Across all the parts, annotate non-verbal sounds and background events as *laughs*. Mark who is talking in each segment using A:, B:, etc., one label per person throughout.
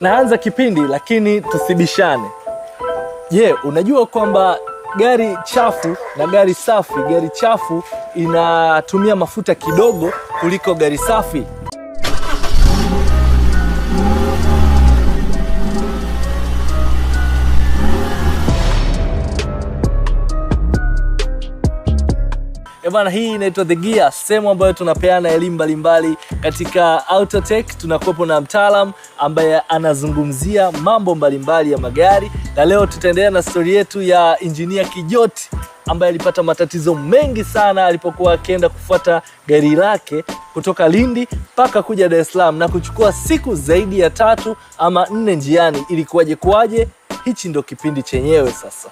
A: Naanza kipindi lakini tusibishane. Je, yeah, unajua kwamba gari chafu na gari safi, gari chafu inatumia mafuta kidogo kuliko gari safi? Eh, Bana, hii inaitwa The Gear, sehemu ambayo tunapeana elimu mbalimbali katika Autotech. Tunakuwepo na mtaalam ambaye anazungumzia mambo mbalimbali mbali ya magari, na leo tutaendelea na stori yetu ya injinia Kijoti ambaye alipata matatizo mengi sana alipokuwa akienda kufuata gari lake kutoka Lindi mpaka kuja Dar es Salaam na kuchukua siku zaidi ya tatu ama nne njiani. Ilikuwaje kuwaje? Hichi ndo kipindi chenyewe sasa.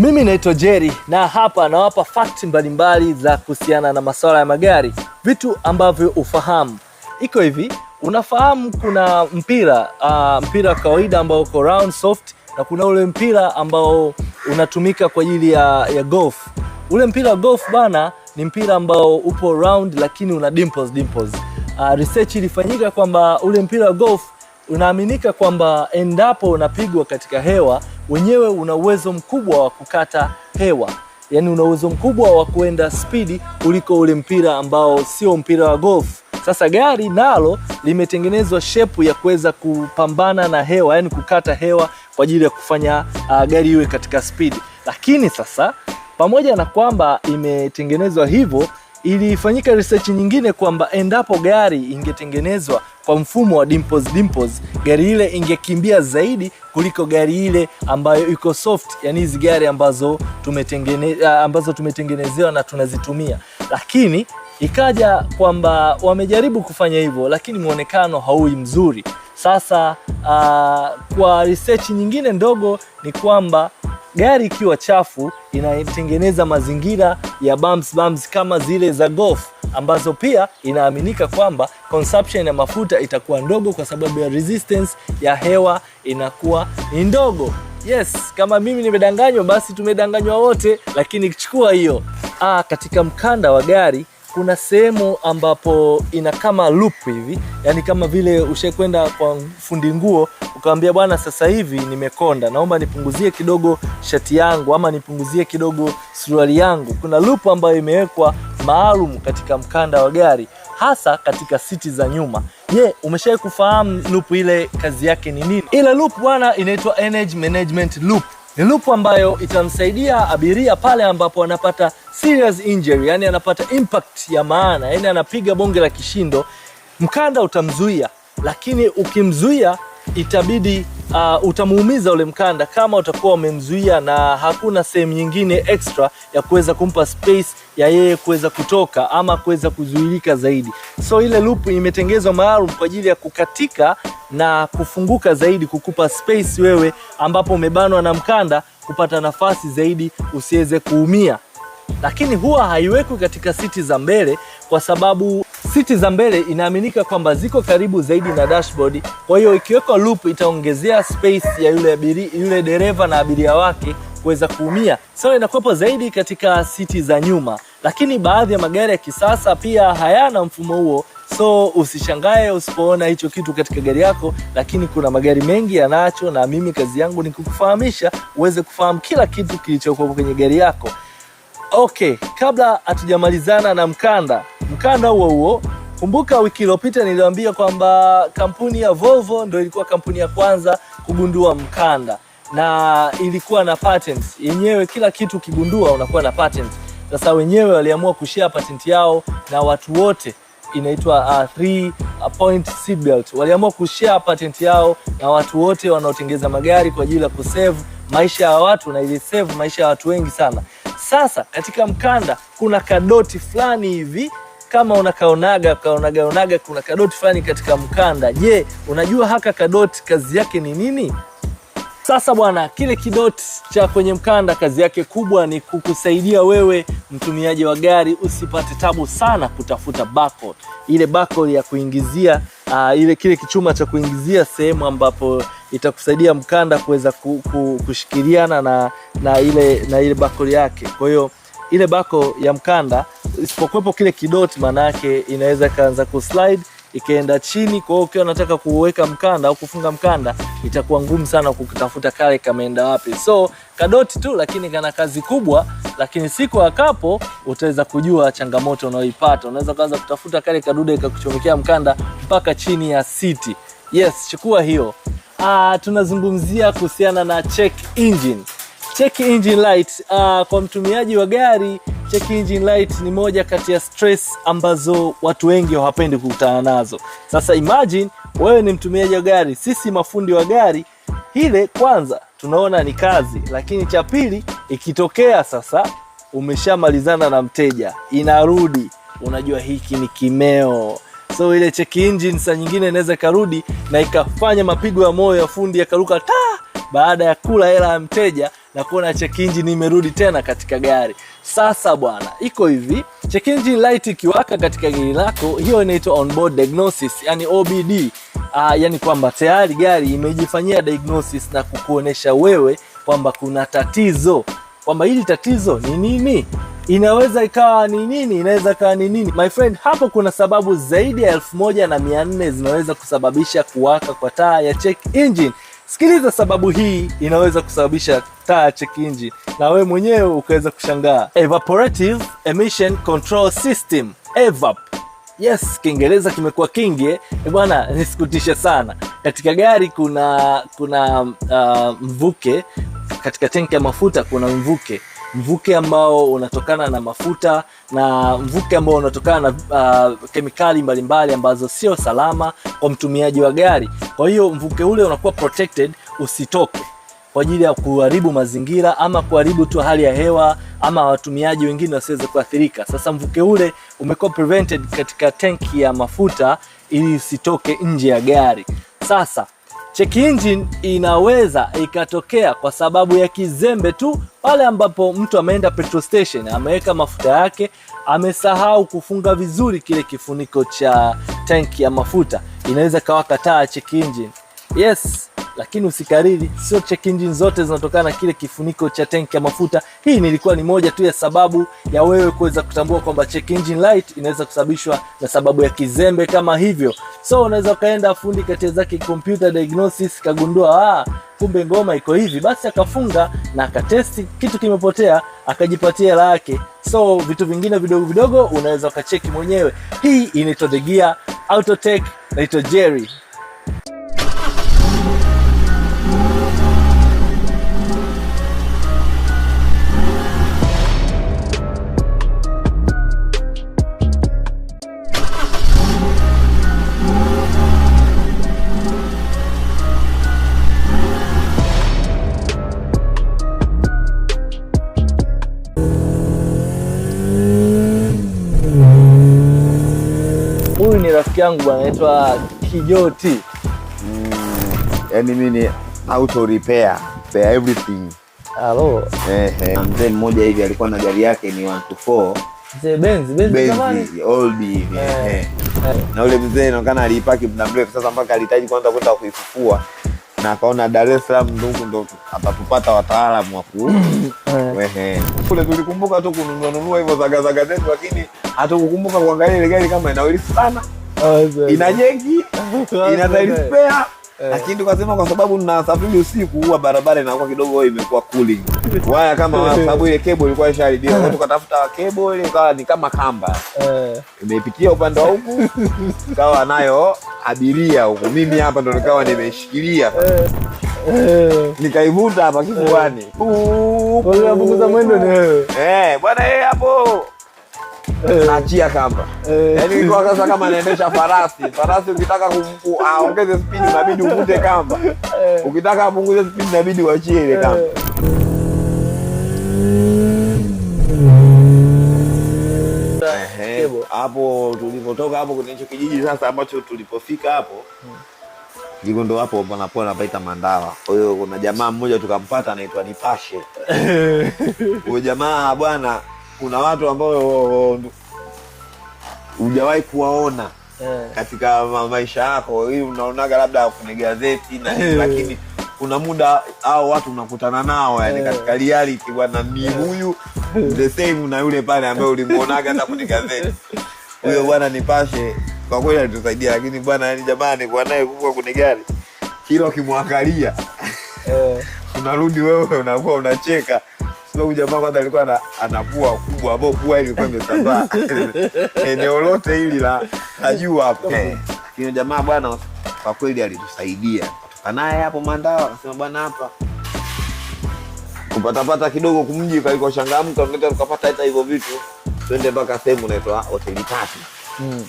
A: Mimi naitwa Jerry na hapa nawapa fakti mbalimbali za kuhusiana na masuala ya magari, vitu ambavyo ufahamu. Iko hivi, unafahamu kuna mpira uh, mpira wa kawaida ambao uko round soft na kuna ule mpira ambao unatumika kwa ajili ya, ya golf. Ule mpira wa golf bana ni mpira ambao upo round lakini una dimples, dimples. Uh, research ilifanyika kwamba ule mpira wa golf unaaminika kwamba endapo unapigwa katika hewa, wenyewe una uwezo mkubwa wa kukata hewa, yaani una uwezo mkubwa wa kuenda spidi kuliko ule mpira ambao sio mpira wa golf. Sasa gari nalo limetengenezwa shepu ya kuweza kupambana na hewa, yaani kukata hewa kwa ajili ya kufanya uh, gari iwe katika spidi. Lakini sasa pamoja na kwamba imetengenezwa hivyo ilifanyika research nyingine kwamba endapo gari ingetengenezwa kwa mfumo wa dimples dimples, gari ile ingekimbia zaidi kuliko gari ile ambayo iko soft, yani hizi gari ambazo tumetengene, ah, ambazo tumetengenezewa na tunazitumia, lakini ikaja kwamba wamejaribu kufanya hivyo, lakini mwonekano haui mzuri. Sasa uh, kwa research nyingine ndogo ni kwamba Gari ikiwa chafu inatengeneza mazingira ya bumps bumps kama zile za golf ambazo pia inaaminika kwamba consumption ya mafuta itakuwa ndogo kwa sababu ya resistance ya hewa inakuwa ni ndogo. Yes, kama mimi nimedanganywa basi tumedanganywa wote, lakini chukua hiyo. Ah, katika mkanda wa gari kuna sehemu ambapo ina kama loop hivi, yani kama vile ushakwenda kwa fundi nguo ukamwambia, bwana, sasa hivi nimekonda, naomba nipunguzie kidogo shati yangu ama nipunguzie kidogo suruali yangu. Kuna loop ambayo imewekwa maalum katika mkanda wa gari hasa katika siti za nyuma. Je, umeshawahi kufahamu loop ile kazi yake ni nini? Ile loop bwana inaitwa energy management loop. Ni lupu ambayo itamsaidia abiria pale ambapo anapata serious injury, yani anapata impact ya maana, yani anapiga bonge la kishindo. Mkanda utamzuia, lakini ukimzuia itabidi uh, utamuumiza ule mkanda kama utakuwa umemzuia na hakuna sehemu nyingine extra ya kuweza kumpa space ya yeye kuweza kutoka ama kuweza kuzuilika zaidi. So ile loop imetengezwa maalum kwa ajili ya kukatika na kufunguka zaidi, kukupa space wewe ambapo umebanwa na mkanda kupata nafasi zaidi usiweze kuumia lakini huwa haiwekwi katika siti za mbele kwa sababu siti za mbele inaaminika kwamba ziko karibu zaidi na dashboard. Kwa hiyo ikiwekwa loop itaongezea space ya yule abiri, yule dereva na abiria wake kuweza kuumia, so inakuwepo zaidi katika siti za nyuma, lakini baadhi ya magari ya kisasa pia hayana mfumo huo. So usishangae usipoona hicho kitu katika gari yako, lakini kuna magari mengi yanacho, na mimi kazi yangu ni kukufahamisha uweze kufahamu kila kitu kilichokuwa kwenye gari yako. Okay, kabla hatujamalizana na mkanda mkanda huo huo, kumbuka wiki iliyopita niliwaambia kwamba kampuni ya Volvo ndio ilikuwa kampuni ya kwanza kugundua mkanda na ilikuwa na patent yenyewe. Kila kitu ukigundua unakuwa na patent. Sasa wenyewe waliamua kushare patent yao na watu wote, inaitwa uh, three point seat belt. Waliamua kushare patent yao na watu wote wanaotengeza magari kwa ajili ya kusave maisha ya watu, na ilisave maisha ya watu wengi sana. Sasa katika mkanda kuna kadoti fulani hivi kama unakaonaga kaonagaonaga, kuna kadoti fulani katika mkanda. Je, unajua haka kadoti kazi yake ni nini? Sasa bwana, kile kidot cha kwenye mkanda kazi yake kubwa ni kukusaidia wewe mtumiaji wa gari usipate tabu sana kutafuta barcode. Ile barcode ya kuingizia uh, ile kile kichuma cha kuingizia sehemu ambapo itakusaidia mkanda kuweza kushikiliana na, na ile, na ile barcode yake. Kwa hiyo ile barcode ya mkanda isipokuwepo kile kidot maana yake inaweza ikaanza kuslide ikaenda chini. Kwa hiyo ukiwa nataka kuweka mkanda au kufunga mkanda itakuwa ngumu sana kukitafuta kale kameenda wapi. So kadoti tu, lakini kana kazi kubwa, lakini siku akapo utaweza kujua changamoto unayoipata. Unaweza kuanza kutafuta kale kadude ikakuchomekea mkanda mpaka chini ya siti. Yes, chukua hiyo. Ah, tunazungumzia kuhusiana na check engine. Check engine light. Uh, ah, kwa mtumiaji wa gari check engine light ni moja kati ya stress ambazo watu wengi hawapendi kukutana nazo. Sasa imagine wewe ni mtumiaji wa gari, sisi mafundi wa gari ile kwanza tunaona ni kazi, lakini cha pili ikitokea sasa umeshamalizana na mteja, inarudi unajua, hiki ni kimeo. So ile check engine saa nyingine inaweza ikarudi na ikafanya mapigo ya moyo ya fundi yakaruka taa baada ya kula hela ya mteja na kuona check engine imerudi tena katika gari. Sasa bwana, iko hivi, check engine light ikiwaka katika gari lako, hiyo inaitwa onboard diagnosis, yani OBD. Aa, ah, yani kwamba tayari gari imejifanyia diagnosis na kukuonesha wewe kwamba kuna tatizo, kwamba hili tatizo ni nini inaweza ikawa ni nini, inaweza ikawa ni nini my friend. Hapo kuna sababu zaidi ya elfu moja na mia nne zinaweza kusababisha kuwaka kwa taa ya check engine. Sikiliza sababu hii inaweza kusababisha taa check engine na wewe mwenyewe ukaweza kushangaa. Evaporative Emission Control System, EVAP. Yes, Kiingereza kimekuwa kingi eh? Eh, bwana, nisikutishe sana. Katika gari kuna kuna uh, mvuke katika tenki ya mafuta kuna mvuke mvuke ambao unatokana na mafuta na mvuke ambao unatokana na uh, kemikali mbalimbali mbali ambazo sio salama kwa mtumiaji wa gari. Kwa hiyo mvuke ule unakuwa protected usitoke kwa ajili ya kuharibu mazingira ama kuharibu tu hali ya hewa ama watumiaji wengine wasiweze kuathirika. Sasa mvuke ule umekuwa prevented katika tanki ya mafuta ili usitoke nje ya gari. Sasa check engine inaweza ikatokea kwa sababu ya kizembe tu, pale ambapo mtu ameenda petrol station, ameweka mafuta yake, amesahau kufunga vizuri kile kifuniko cha tanki ya mafuta, inaweza kawaka taa check engine. Yes, lakini usikariri, sio check engine zote zinatokana na kile kifuniko cha tenki ya mafuta. Hii nilikuwa ni moja tu ya sababu ya wewe kuweza kutambua kwamba check engine light inaweza kusababishwa na sababu ya kizembe kama hivyo. So unaweza ukaenda fundi kati zake computer diagnosis, kagundua ah, kumbe ngoma iko hivi, basi akafunga na akatesti, kitu kimepotea, akajipatia hela yake. So vitu vingine vidogo vidogo unaweza ukacheki mwenyewe. Hii inaitwa The Gear Autotech, naitwa Jerry. Huyu ni rafiki yangu bwana, anaitwa Kijoti. Mm,
B: yani mimi ni auto repair for everything.
A: Halo. Eh,
B: eh. Mzee mmoja hivi alikuwa na gari yake ni 124.
A: Mzee Benz, Benz
B: zamani. Old hivi. Eh. Eh. Na ule mzee inaonekana aliipaki muda mrefu sasa mpaka alihitaji kwanza kwenda kuifufua na akaona Dar es Salaam ndugu ndo atatupata wataalamu wa *clears throat* eh. kule. Tulikumbuka tu kununua nunua hivyo zagazaga zetu lakini hata kukumbuka kuangalia ile gari kama ina wili sana ah, ina jeki ah, ina tairi spare eh. lakini tukasema kwa sababu na safari usiku, huwa barabara inakuwa kidogo imekuwa cooling waya kama, *laughs* eh. sababu ile cable ilikuwa ishaharibiwa, tukatafuta cable ikawa ni kama kamba eh. imepikia upande wa huku, kawa nayo abiria huku, mimi hapa ndo nikawa nimeshikilia nikaivuta hapa kifuani, bwana yeye hapo Eh. naachia kamba, eh. yaani kwa sasa kama anaendesha farasi. Farasi ukitaka aongeze spidi inabidi uvute kamba, eh. ukitaka apunguze spidi inabidi uachie ile kamba. Hapo tulipotoka hapo kuna hicho kijiji sasa ambacho tulipofika hapo jiko hmm. ndo hapo panapoa napaita Mandawa. Kwa hiyo kuna jamaa mmoja tukampata anaitwa Nipashe. Huyo jamaa bwana kuna watu ambao hujawahi kuwaona yeah. katika maisha yako, hii unaonaga labda kwenye gazeti na yeah. lakini kuna muda au watu unakutana nao yani yeah. katika reality bwana, ni eh. huyu the same na yule pale ambaye ulimuonaga hata kwenye gazeti huyo eh. bwana. Nipashe kwa kweli alitusaidia, lakini bwana, yani jamani, kwa naye kuwa kwenye gari kila ukimwangalia eh. *laughs* unarudi wewe unakuwa unacheka sababu jamaa kwanza alikuwa ana kubwa, ambao pua ilikuwa imesambaa *laughs* eneo lote hili la jua hapo. Lakini jamaa bwana, kwa kweli alitusaidia naye hapo Mandawa, akasema bwana, hapa kupatapata kidogo kumji kalikochangamka, tukapata hata hivyo vitu, twende mpaka sehemu unaitwa hoteli tatu. Mm.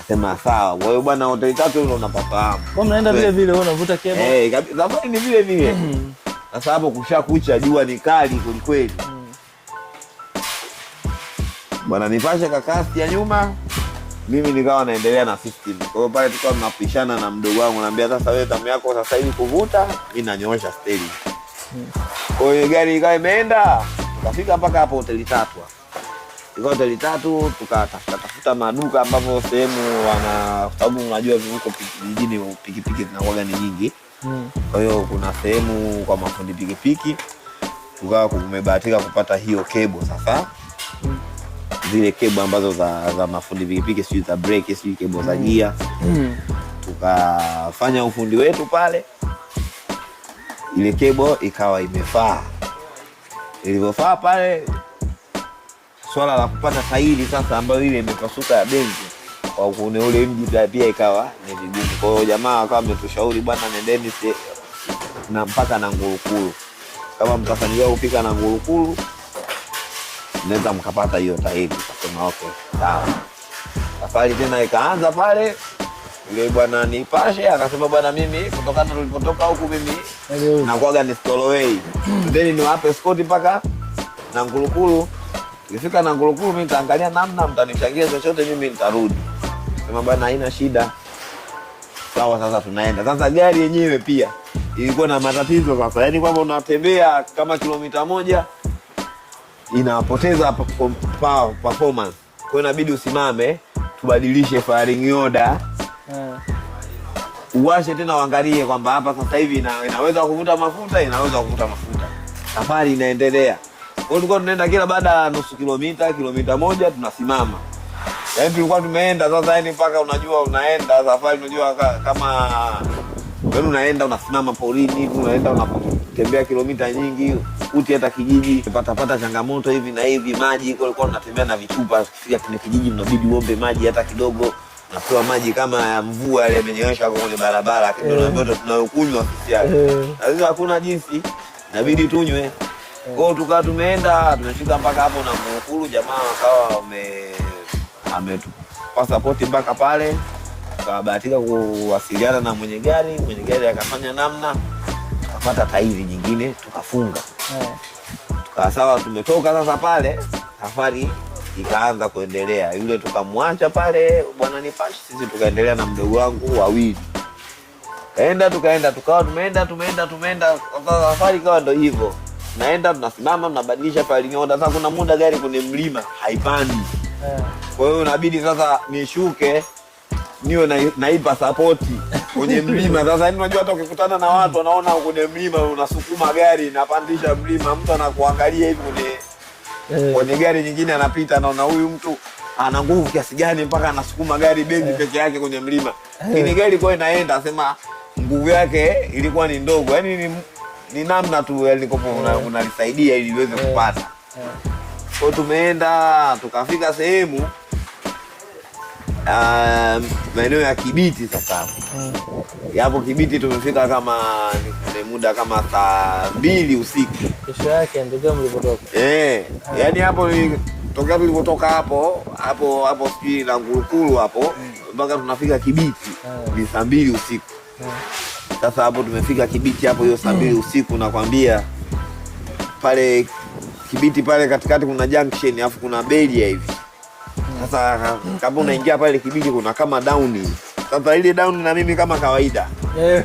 B: Asema sawa. Kwa hiyo bwana, hoteli tatu unapafahamu,
A: mnaenda vile vile, unavuta kebo,
B: Eh, safari ni vile vile hmm. Sasa hapo kucha jua ni kali kwelikweli bwana. Nipashe kakasti ya nyuma, mimi nikawa naendelea na system. Kwa hiyo pale tukawa tunapishana na mdogo wangu, naambia sasa wewe tamu yako sasa hivi kuvuta, mimi nanyoosha steli. Kwa hiyo gari ikawa imeenda, tukafika mpaka hapo hoteli tatu ikawa hoteli tatu, tukatafuta tafuta maduka ambapo sehemu wana, kwa sababu unajua huko vijijini pikipiki zinakuwa ni nyingi kwa hiyo kuna sehemu kwa mafundi pikipiki tukawa kumebahatika kupata hiyo kebo sasa mm. zile kebo ambazo za, za mafundi pikipiki sijui za break sijui kebo za mm. gia mm. tukafanya ufundi wetu pale, ile kebo ikawa imefaa. Ilivyofaa pale, swala la kupata tairi sasa ambayo ile imepasuka ya benzi kwa kune ule mji pia ikawa ni vigumu. Kwa hiyo jamaa wakawa wametushauri bwana, nendeni na mpaka na Ngurukuru, kama mtafanikiwa kufika na Ngurukuru naweza mkapata hiyo tairi. Kasema okay, sawa. Safari tena ikaanza pale ule bwana Nipashe akasema, bwana, mimi kutokana tulipotoka huku mimi nakwaga ni stolowei teni niwape skoti mpaka na Kifika na Nangurukuru mi ntaangalia namna mtanichangia chochote, mimi ntarudi sema bana, haina shida. Sawa, sasa tunaenda sasa. Gari yenyewe pia ilikuwa na matatizo sasa, yaani kwamba unatembea kama kilomita moja inapoteza performance, kwa hiyo inabidi usimame, tubadilishe firing order yeah. Uwashe tena uangalie kwamba hapa sasa hivi ina, inaweza kuvuta mafuta, inaweza kuvuta mafuta, safari inaendelea. Kwa hiyo Tulikuwa tunaenda kila baada ya nusu kilomita, kilomita moja tunasimama yani tulikuwa tumeenda sasa, yani mpaka unajua unaenda safari, unajua kama yaani unaenda unasimama porini, unaenda unatembea kilomita nyingi uti hata kijiji patapata changamoto hivi na hivi, maji kulikuwa unatembea na vichupa. Kufika kwenye kijiji, mnabidi uombe maji hata kidogo, unapewa maji kama ya mvua yale yamenyesha hapo kwenye barabara, eh. ndio ndio tunayokunywa sisi hapa. Eh. Sasa hakuna jinsi, inabidi tunywe. Eh. Kwao tukawa tumeenda tumefika mpaka hapo na Mukuru, jamaa wakawa wame ametupa sapoti mpaka pale, akabahatika kuwasiliana na mwenye gari. Mwenye gari akafanya namna, kapata tairi nyingine, tukafunga yeah. sawa. tumetoka sasa pale, safari ikaanza kuendelea. Yule tukamwacha pale bwana Nipashi, sisi tukaendelea na mdogo wangu wawili kaenda tukaenda tukawa tumeenda tumeenda tumeenda, safari ikawa ndo hivyo, naenda tunasimama, tunabadilisha pale. Sasa kuna muda gari kwenye mlima haipandi kwa hiyo inabidi sasa nishuke niwe naipa sapoti kwenye mlima sasa. Yaani unajua hata ukikutana na watu wanaona kwenye mlima unasukuma gari napandisha mlima, mtu anakuangalia hivi kwenye eh. kwenye gari nyingine anapita, naona huyu mtu ana nguvu kiasi gani mpaka anasukuma gari begi eh. peke yake kwenye mlima. Eh. Lakini gari kwa inaenda asema nguvu yake ilikuwa ni ndogo. yani ni, ni namna tu alikopo yaani unalisaidia ili iweze kupata kwa tumeenda tukafika sehemu maeneo ya Kibiti sasa mm. Yapo Kibiti tumefika kama ni muda kama saa mbili usiku
A: kesho yake ndio mlipotoka.
B: Eh, yani hapo tokea tulipotoka hapo hapo hapo sijui na ngurukulu hapo mm. mpaka mm. tunafika Kibiti mm. ni saa mbili usiku mm. sasa mm. hapo tumefika Kibiti hapo hiyo saa mbili mm. usiku nakwambia pale Kibiti pale katikati kuna junction afu kuna belia hivi. Sasa kama unaingia pale Kibiti kuna kama down. Sasa ile down na mimi kama kawaida eh,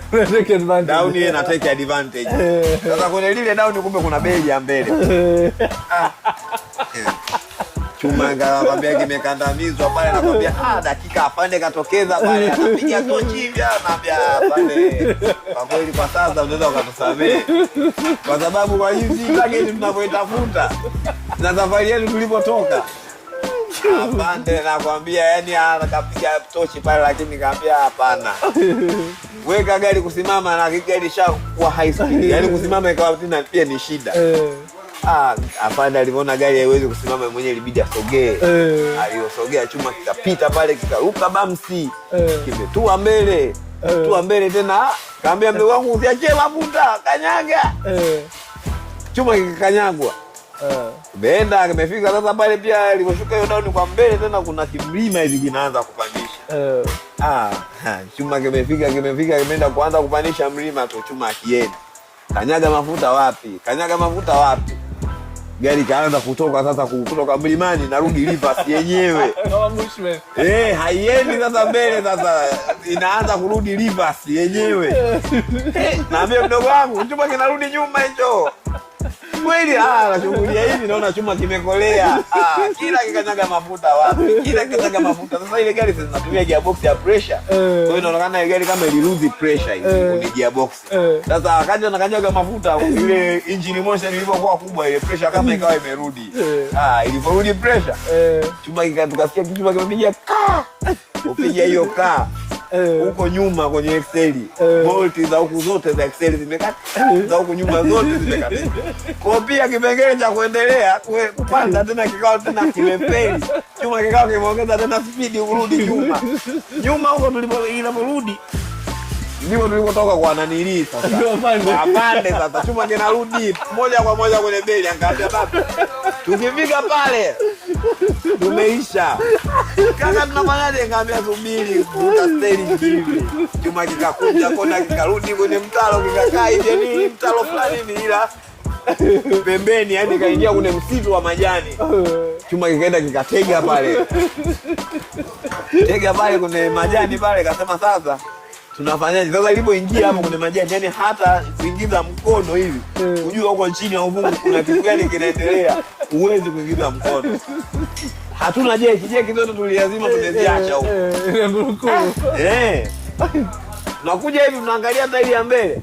B: down ile na take advantage. Eh. Sasa kwenye lile down kumbe kuna belia mbele. Eh. Ah. *laughs* chuma nakwambia kimekandamizwa pale, nakwambia ah, dakika afande katokeza pale, atapiga tochi hivi, naambia pale. Kwa kweli kwa sasa unaweza ukatusamehe, kwa sababu kwa hizi target tunavyoitafuta na safari yetu tulipotoka Afande nakwambia, yani ah, akapiga tochi pale, lakini kaambia hapana, weka gari kusimama na gari ishakuwa high speed, yani kusimama ikawa pia ni shida eh. Ah, hapana, alivyoona gari haiwezi kusimama mwenyewe, ilibidi asogee. eh. Aliosogea chuma kikapita pale, kikaruka bamsi, eh. kimetua mbele, eh. tua mbele tena, kaambia mdogo wangu usiachie mafuta, kanyaga. eh. Chuma kikakanyagwa kikanyagwa, uh, imefika sasa pale. Pia alivyoshuka hiyo down kwa mbele tena, kuna kimlima hivi kinaanza kupandisha. uh, Ah, chuma kimefika kimefika, kimeenda kuanza kupandisha mlima tu, chuma akienda Kanyaga mafuta wapi? Kanyaga mafuta wapi? gari kaanza kutoka sasa, kutoka mlimani narudi rivers *laughs* yenyewe eh, haiendi sasa mbele, sasa inaanza kurudi rivers yenyewe. *laughs* Eh, naambia mdogo wangu chuma kinarudi nyuma hicho kweli? Ah, nashughulia hivi naona chuma kimekolea. Ah, kila kikanyaga mafuta wapi? Kila kikanyaga mafuta. Sasa ile gari sasa zinatumia gearbox ya pressure. Eh. Kwa hiyo inaonekana ile gari kama ililuzi pressure hivi eh. kwenye gearbox. Eh. Sasa akaja nakanyaga mafuta ile engine motion ilivyokuwa kubwa ile pressure kama ikawa imerudi. Ah, ilivyorudi pressure. Chuma kikatukasikia kichuma kimepiga ka. Upiga hiyo ka. Eh. huko nyuma kwenye Excel eh. bolti za huku zote za Excel zimekata, eh. za huku nyuma zote zimekata. Kwa pia kipengele cha kuendelea kupanda tena kikao tena kimepeli chuma kikao kimeongeza tena spidi kurudi nyuma nyuma huko tulipo, inaporudi ndivyo tulikotoka kwa nanilii sasa. *laughs* Apande sasa, chuma kinarudi moja kwa moja kwenye beli. Angaambia baba, tukifika pale tumeisha kaka, tunafanyaje? Ngaambia subiri, tutasteli hivi. Chuma kikakuja kona, kikarudi kwenye mtaro, kikakaa hivi nini, mtaro fulani ni ila pembeni, yani kaingia kwenye msitu wa majani. Chuma kikaenda kikatega pale, tega pale kwenye majani pale, kasema sasa tunafanyaje sasa? Ilipoingia hapo kwenye majani, yani hata kuingiza mkono hivi, unajua huko chini ya uvungu kuna kitu gani kinaendelea, uwezi kuingiza mkono. Hatuna jeki, jeki zote tuliazima, tumeziacha huko. Eh, nakuja hivi, tunaangalia tairi ya mbele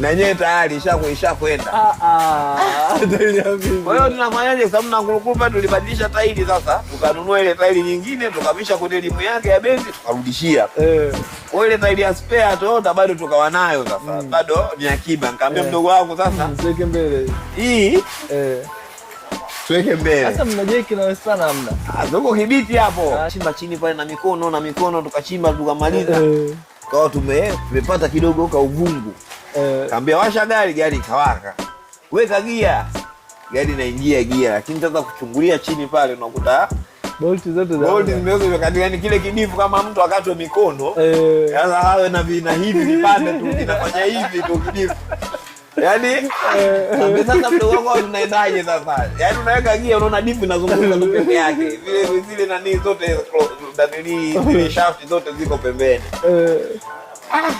B: na nyewe tayari ishakwenda. Ah, ah. *laughs* Kwa hiyo tunafanyaje? Kwa sababu Nankulukupa tulibadilisha tairi, sasa tukanunua ile tairi nyingine, tukabisha kwenye elimu yake ya benzi, tukarudishia eh. kwa ile tairi ya spare Toyota, bado tukawa nayo sasa, mm. bado ni akiba. Nikamwambia eh. mdogo wangu sasa, mm,
A: tuweke mbele
B: hii, eh. tuweke mbele
A: sasa. Mnajeki na sana hamna
B: huko ah, kibiti hapo, chimba chini pale na mikono na mikono, tukachimba tukamaliza, kwa tumepata kidogo uvungu uh, kaambia washa gari, gari kawaka weka gia, gari inaingia gia, lakini sasa kuchungulia chini pale unakuta bolti zote yani kile kidifu kama mtu akatwe mikono eh. sasa, hawe na vina hivi vipande tu kinafanya hivi tu kidifu yani eh. sasa, mdogo wangu tunaendaje sasa? Yani unaweka gia, unaona difu inazunguka tu pembe yake vile zile nani zote dalili zile shaft zote ziko pembeni. Ah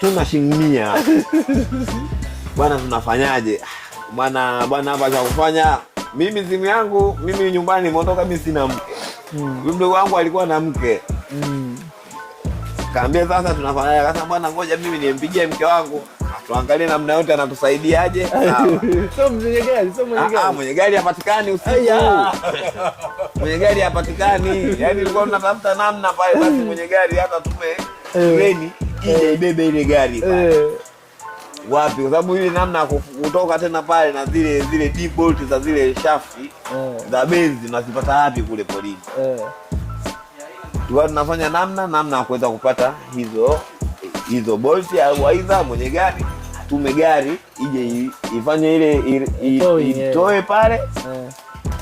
B: hatuna shilingi mia *laughs* bwana, tunafanyaje bwana? Bwana hapa cha kufanya mimi, simu yangu mimi nyumbani nimeondoka, mimi sina mke mm. mdogo wangu alikuwa na mke mm. Kaambia sasa tunafanyaje? Akasema bwana, ngoja mimi niempigie mke wangu tuangalie namna yote anatusaidiaje.
A: So *laughs* mwenye gari, so mwenye ah, ah, gari. Ah,
B: mwenye gari hapatikani usiku. *laughs* Mwenye gari hapatikani. Yaani ulikuwa unatafuta namna pale basi mwenye gari hata tume treni ibebe eh. eh, ile gari eh. wapi, kwa sababu ile namna kutoka tena pale na zile zile deep bolt za zile shafti za benzi nazipata wapi kule polini? tunafanya namna namna ya kuweza kupata hizo hizo bolti, au aidha mwenye gari atume gari ije ifanye ile itoe pale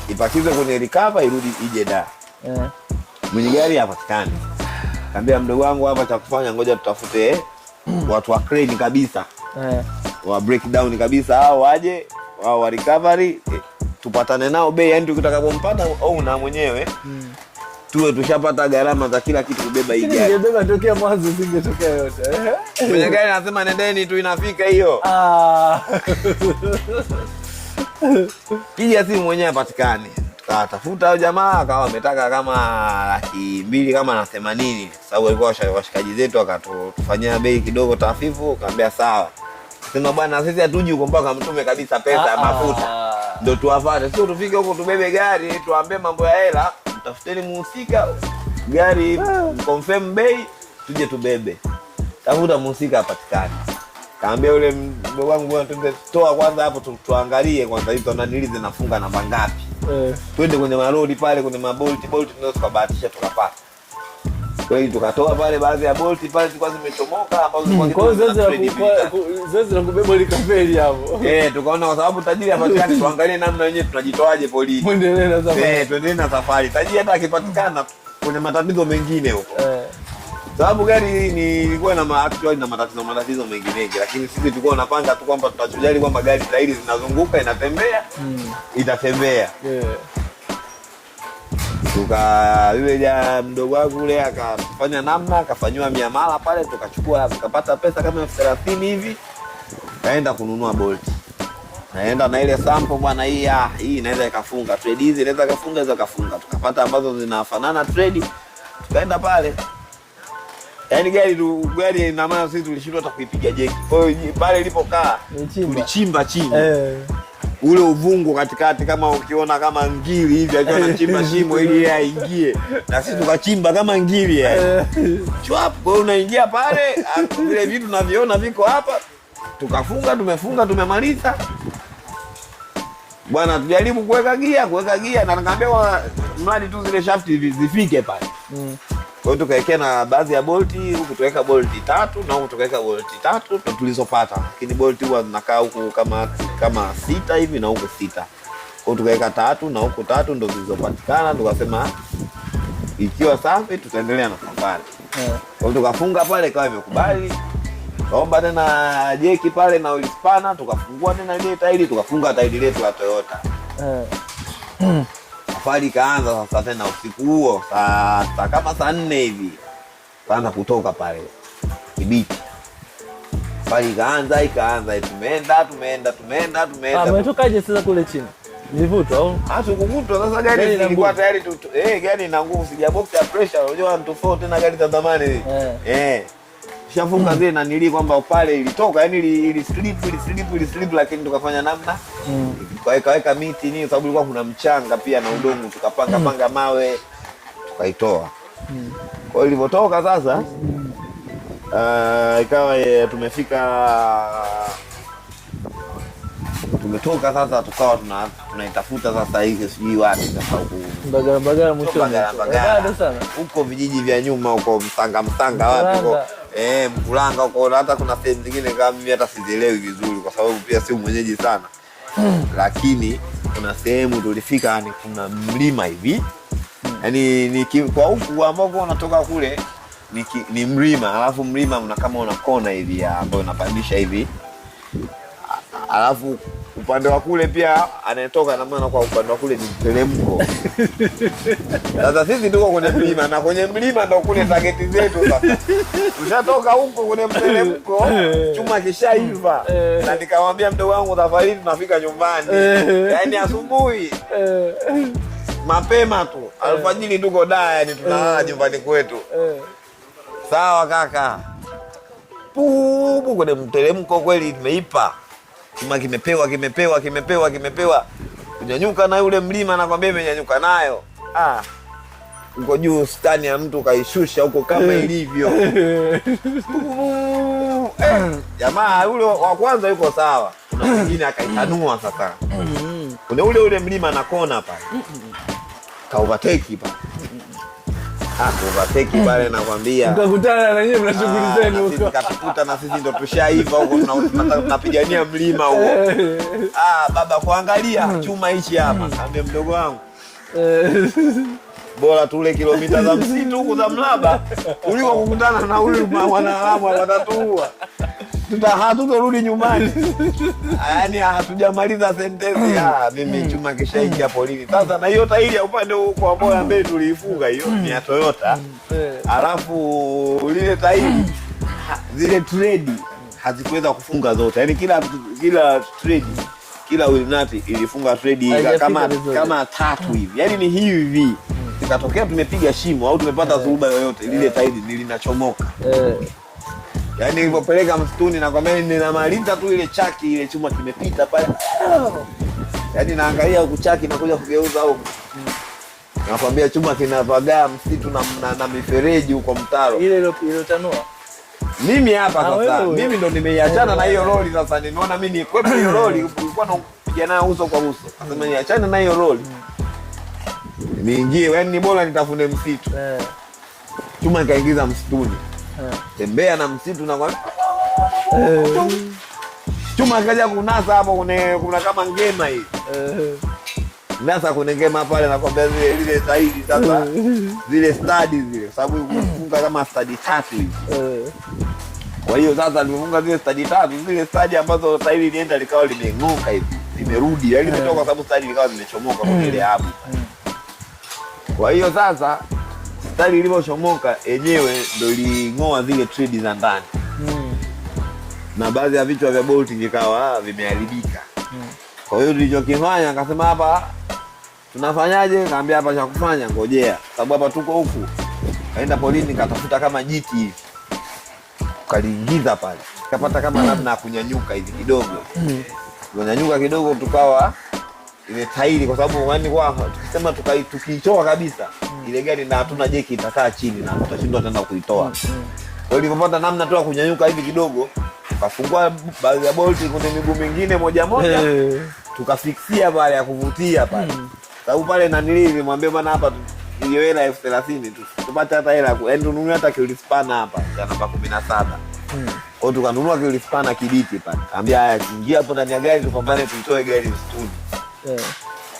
B: ipakize kwenye rikava irudi ije da, mwenye gari hapatikani. Kaambia mdogo wangu hapa cha kufanya, ngoja tutafute eh, watu wa crane kabisa yeah. wa breakdown kabisa, hao waje wao wa recovery eh, tupatane nao bei, yani tukitaka kumpata au na mwenyewe mm. tuwe tushapata gharama za kila kitu kubeba hii gari.
A: Ingebeba tokea mwanzo, singetokea yote eh.
B: kwenye gari. nasema nendeni tu, inafika hiyo ah. Kija simu mwenyewe apatikane katafuta jamaa akawa ametaka kama laki mbili kama na themanini, sababu alikuwa washikaji zetu, akatufanyia bei kidogo tafifu. Kaambia sawa, sema bwana, sisi hatuji huko mpaka mtume kabisa pesa ya ah, ah. mafuta ndo tuwafate, sio tufike huko tubebe gari tuambie mambo ya hela, mtafuteni muhusika gari confirm bei tuje tubebe, tafuta muhusika apatikane. Kaambia yule mdogo wangu, toa kwanza hapo tuangalie kwanza hizo nanilizi nafunga namba ngapi Eh. twende kwenye marodi pale kwenye mabolti bolti, tukabahatisha tukapata kweli, tukatoa pale baadhi ya bolti pale zilikuwa zimechomoka, hmm,
A: la kubeba likafeli hapo.
B: Eh, tukaona kwa sababu tajiri apatikani *laughs* tuangalie namna wenyewe tunajitoaje polisi
A: eh,
B: tuendelee na safari. Tajiri hata akipatikana kwenye matatizo mengine huko sababu gari ni ilikuwa na actually na matatizo matatizo mengi mengi, lakini sisi tulikuwa tunapanga tu kwamba tutachojali kwamba gari tairi zinazunguka inatembea mm. itatembea yeah. Tuka yule ja mdogo wangu ule akafanya namna akafanyiwa miamala pale, tukachukua tukapata pesa kama elfu thelathini hivi, kaenda kununua bolti, naenda na ile sampo bwana, hii ah, hii inaweza ikafunga trade, hizi inaweza ikafunga hizo, kafunga tukapata ambazo zinafanana trade, tukaenda pale Yaani gari tu gari ina maana sisi tulishindwa hata kuipiga jeki. Kwa hiyo pale ilipokaa tulichimba chini. Eh. Ule uvungu katikati kama ukiona kama ngiri hivi akiwa anachimba shimo ili yeye aingie. Na sisi tukachimba kama ngiri yaani. Chwap, kwa hiyo unaingia pale vile vitu tunaviona viko hapa. Tukafunga, tumefunga, tumemaliza. Bwana, tujaribu kuweka gia, kuweka gia na nikamwambia mradi tu zile shafti zifike pale. Mm. Kwa hiyo tukawekea na baadhi ya bolti, huku tukaweka bolti tatu na huku tukaweka bolti tatu tulizopata, lakini bolti huwa zinakaa huku kama, kama sita hivi na huku sita. Kwa hiyo tukaweka tatu na huku tatu ndo zilizopatikana, tukasema ikiwa safi tutaendelea na safari. Eh. Kwa hiyo tukafunga pale ikawa imekubali. Tukaomba tena jeki pale na ulispana, tukafungua tena ile tairi tukafunga tairi letu la Toyota. Eh. *clears throat* safari ikaanza sasa tena usiku huo saa kama saa nne hivi kaanza kutoka pale Kibiti. Safari ikaanza ikaanza, tumeenda tumeenda tumeenda tumeenda.
A: Ah, sasa kule chini? Nilivutwa
B: ah, sasa gari ilikuwa tayari eh, gari ina nguvu, Unajua tena gari za zamani. Eh. Eh shafunga zile na nili kwamba pale ilitoka yani ili ili slip ili slip ili slip, lakini tukafanya namna mm. tukaweka weka miti nini, sababu ilikuwa kuna mchanga pia na udongo, tukapanga mm. panga mawe tukaitoa mm. kwa ilivyotoka sasa uh, ikawa ye, tumefika tumetoka sasa, tukawa tuna tunaitafuta sasa hiyo sijui wapi sasa, huko
A: Mbagala Mbagala
B: huko vijiji vya nyuma huko Msanga Msanga wapi huko eh, Mkuranga uko, hata kuna sehemu zingine kama mimi hata sizielewi vizuri, kwa sababu pia si mwenyeji sana hmm. Lakini kuna sehemu tulifika, yani kuna mlima hivi hmm. yani ni kwa huku ambapo unatoka kule ni, ni mlima alafu mlima una kama una kona hivi ambayo unapandisha hivi alafu upande wa kule pia anayetoka na kwa upande wa kule ni mteremko. *laughs* Sasa sisi tuko kwenye mlima na kwenye mlima ndo kule tageti zetu. Sasa tushatoka huko kwenye mteremko, *laughs* chuma kishaiva, eh. na nikamwambia mdogo wangu, safari tunafika nyumbani, eh. yaani asubuhi eh. mapema tu, alfajiri tuko daa, yani tunalala nyumbani kwetu. Sawa kaka, pupu kwenye mteremko kweli, imeipa Chuma kimepewa kimepewa kimepewa kimepewa, kunyanyuka na yule mlima nakwambia, imenyanyuka nayo ah, uko juu stani ya mtu kaishusha huko kama eh. ilivyo. *laughs* Eh, jamaa wa kwanza yuko sawa, kuna mwingine akaitanua sasa, eh. kuna ule ule mlima na kona pale, kaovateki pale Overtake pale nakwambia.
A: Mkakutana na nyewe mna ah, shughuli zenu.
B: Sisi kapikuta na sisi ndo tushaiva huko tunapigania mlima huo eh. Ah, baba kuangalia hmm. chuma hichi hapa. Sambe hmm. mdogo wangu. Eh. Bora tule kilomita za msitu huku za mlaba *laughs* kuliko kukutana na huyu mwanadamu atatuua hatutorudi nyumbani. Yaani hatujamaliza sentensi. Mm. Ah, mimi mm. chuma kishaingia mm. polini sasa, na hiyo tairi ya upande kwa ambao ambaye tuliifunga hiyo ni ya Toyota, eh. alafu lile tairi zile tredi hazikuweza kufunga zote, yani kila kila tredi kila ulinati ilifunga tredi kama kama tatu hivi, yani ni hivi ikatokea tumepiga shimo au tumepata dhuruba eh. yoyote, lile eh. tairi linachomoka. Yaani nilipopeleka msituni na kwambia ninamaliza tu ile chaki ile chuma kimepita pale. Yaani naangalia huku chaki nakuja kugeuza huko. Nakwambia chuma kinavagaa msitu na, na, na mifereji huko mtaro.
A: Ile iliyotanua.
B: Mimi hapa ah, sasa. Mimi ndo nimeiachana na hiyo roli sasa. Ninaona mimi nikwepa hiyo roli ulikuwa unapiga nayo uso kwa uso. Nasema niachane na hiyo roli Niingie, yani ni bora nitafune msitu. Eh. Chuma ikaingiza msituni tembea na msitu na kwa eh. chuma kaja kunasa hapo, kuna kama ngema hivi eh. nasa kuna ngema pale, nakwambia zile zile zaidi sasa eh. zile stadi zile, sababu kufunga kama stadi tatu hivi. Kwa hiyo sasa limefunga zile stadi tatu, zile stadi ambazo sasa hivi nienda likawa limeng'oka hivi limerudi, yaani limetoka, kwa sababu stadi likawa limechomoka kwa ile hapo. Kwa hiyo sasa Stari yaani ilivyochomoka yenyewe ndo iling'oa zile tredi za ndani mm. na baadhi ya vichwa vya bolti vikawa vimeharibika mm. kwa hiyo tulichokifanya akasema, hapa tunafanyaje? Kaambia hapa cha kufanya ngojea, sababu hapa tuko huku. Kaenda polini, katafuta kama jiti hivi, kaliingiza pale, kapata kama hmm. namna ya kunyanyuka hivi kidogo mm. kunyanyuka kidogo, tukawa ile tairi, kwa sababu tukisema tukiichoa kabisa ile gari na hatuna jeki itakaa chini na tutashindwa tena kuitoa. Kwa hiyo nilipopata namna tu kunyanyuka hivi kidogo, tukafungua baadhi ya bolti kwenye miguu mingine moja moja, eh. tukafiksia pale ya kuvutia pale. Hmm. Sababu pale na nili nilimwambia bwana, hapa hiyo hela elfu thelathini tu tupate hata hela yaani tununue hata kilispana hapa ya namba kumi na saba hmm. kwao tukanunua kilispana kibiti pale, kaambia haya, ingia hapo ndani ya gari tupambane tuitoe gari msituni. Eh.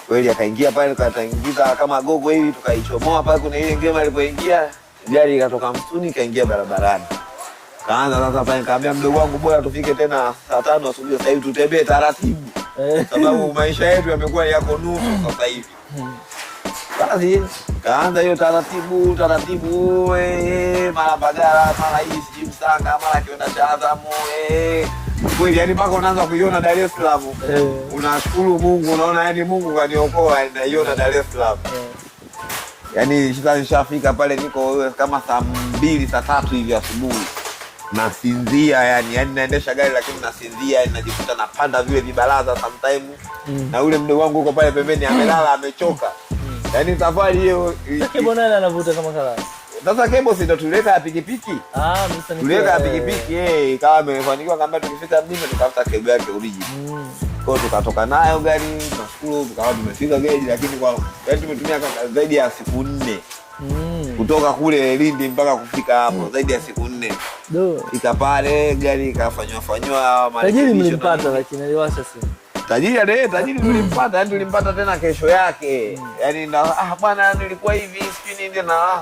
B: Kweli akaingia pale tukatangiza kama gogo hivi tukaichomoa pale, kuna ile ngema ilipoingia gari ikatoka mtuni ikaingia barabarani. Kaanza sasa pale nikamwambia mdogo wangu bora tufike tena saa tano asubuhi sasa hivi tutembee taratibu. Eh. Sababu maisha yetu yamekuwa yako nusu sasa hivi. Hmm. Basi kaanza hiyo taratibu taratibu, mara Mbagala, mara hii sijui Msanga, mara cha kweli, yani mpaka unaanza kuiona Dar es Salaam, eh. unashukuru Mungu, unaona yani Mungu kaniokoa, naiona Dar es Salaam eh. yani nishafika pale, niko kama saa mbili saa tatu hivi asubuhi nasinzia yani, yani naendesha gari lakini nasinzia, najikuta napanda vile vibaraza sometime mm. na ule mdogo wangu uko pale pembeni amelala amechoka Yaani safari hiyo
A: Kebo nani anavuta kama kalasi?
B: Sasa Kebo si ndo tuliweka pikipiki? Ah, msa ni tuliweka pikipiki eh, ikawa imefanikiwa kama tukifika mjini tukafuta Kebo yake uriji Mm. Kwa hiyo tukatoka nayo gari, tunashukuru tukawa tumefika geji lakini kwa yaani tumetumia zaidi ya siku nne. Mm. Kutoka kule Lindi mpaka kufika hapo mm. zaidi ya siku nne. Do. Ikapale gari ikafanywa fanywa
A: marekebisho. Tajiri mlimpata lakini aliwasha simu.
B: Tajiri ade tajiri tulimpata, yani tulimpata tena kesho yake. Hmm. yani na ah bwana nilikuwa hivi sijui nini na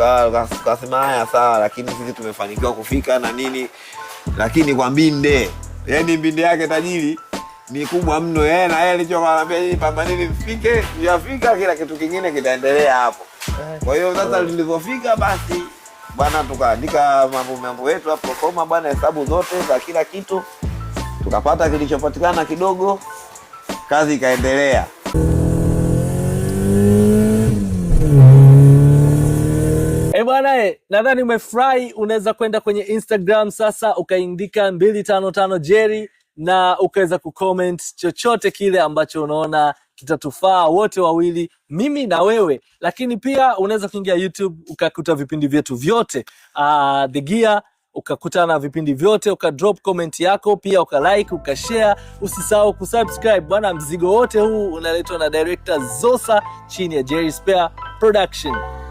B: ah. Kasema haya sawa, lakini sisi tumefanikiwa kufika na nini. Lakini kwa mbinde, yani mbinde yake tajiri ni kubwa mno. Yeye na yeye alichokuwa ananiambia pamba nini mfike, yafika kila kitu kingine kitaendelea hapo. Eh. Kwa hiyo sasa tulipofika basi bwana tukaandika mambo mambo yetu hapo, kwa bwana, hesabu zote za kila kitu tukapata kilichopatikana kidogo, kazi ikaendelea.
A: E bwana, eh, nadhani umefurahi. Unaweza kwenda kwenye Instagram sasa ukaindika 255 Jerry na ukaweza kucomment chochote kile ambacho unaona kitatufaa wote wawili, mimi na wewe. Lakini pia unaweza kuingia YouTube ukakuta vipindi vyetu vyote, uh, The Gear ukakutana na vipindi vyote, ukadrop comment yako pia, ukalike, ukashare. Usisahau kusubscribe bwana. Mzigo wote huu unaletwa na director Zosa chini ya Jerry Spare Production.